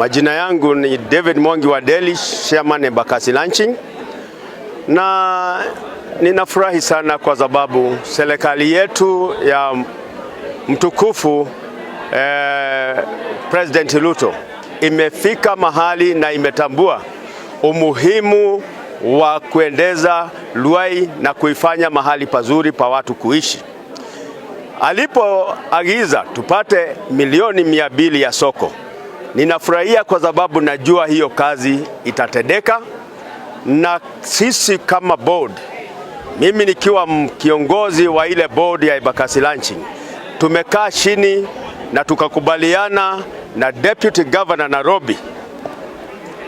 Majina yangu ni David mwangi wa Delhi chairman wa Embakasi Launching, na ninafurahi sana kwa sababu serikali yetu ya mtukufu eh, President Ruto imefika mahali na imetambua umuhimu wa kuendeza Ruai na kuifanya mahali pazuri pa watu kuishi. Alipoagiza tupate milioni mia mbili ya soko Ninafurahia kwa sababu najua hiyo kazi itatendeka, na sisi kama board, mimi nikiwa kiongozi wa ile board ya Embakasi Ranching, tumekaa chini na tukakubaliana na deputy governor Nairobi,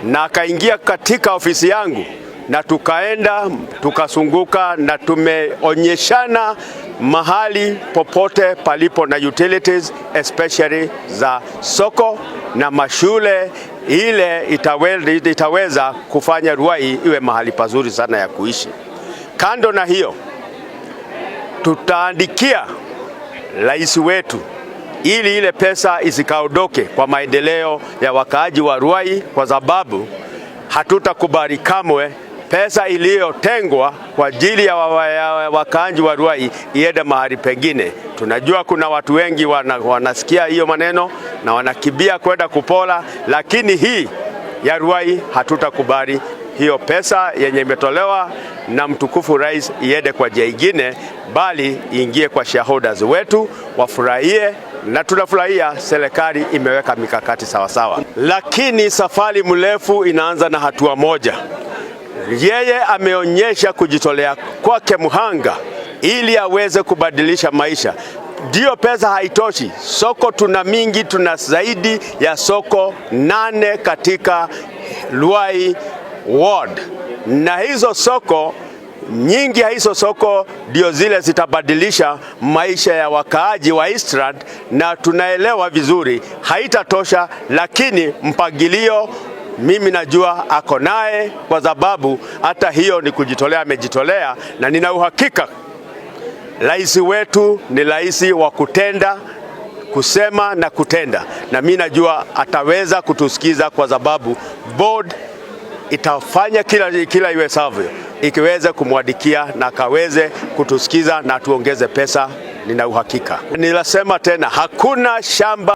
na akaingia katika ofisi yangu na tukaenda tukasunguka na tumeonyeshana mahali popote palipo na utilities especially za soko na mashule ile itaweza, itaweza kufanya Ruai iwe mahali pazuri sana ya kuishi. Kando na hiyo, tutaandikia rais wetu ili ile pesa isikaondoke kwa maendeleo ya wakaaji wa Ruai, kwa sababu hatutakubali kamwe pesa iliyotengwa kwa ajili ya wakaaji wa Ruai iende mahali pengine. Tunajua kuna watu wengi wana, wanasikia hiyo maneno na wanakibia kwenda kupola, lakini hii ya Ruai hatutakubali. Hiyo pesa yenye imetolewa na mtukufu rais iende kwa njia ingine, bali iingie kwa shareholders wetu wafurahie, na tunafurahia serikali imeweka mikakati sawasawa Lakini safari mrefu inaanza na hatua moja. Yeye ameonyesha kujitolea kwake mhanga ili aweze kubadilisha maisha. Ndiyo, pesa haitoshi. Soko tuna mingi, tuna zaidi ya soko nane katika Luai Ward, na hizo soko nyingi ya hizo soko ndio zile zitabadilisha maisha ya wakaaji wa Eastland, na tunaelewa vizuri haitatosha, lakini mpangilio mimi najua ako naye, kwa sababu hata hiyo ni kujitolea, amejitolea, na nina uhakika rais wetu ni rais wa kutenda, kusema na kutenda, na mimi najua ataweza kutusikiza, kwa sababu board itafanya kila, kila iwezavyo ikiweze kumwadikia na akaweze kutusikiza na tuongeze pesa. Nina uhakika, nilasema tena, hakuna shamba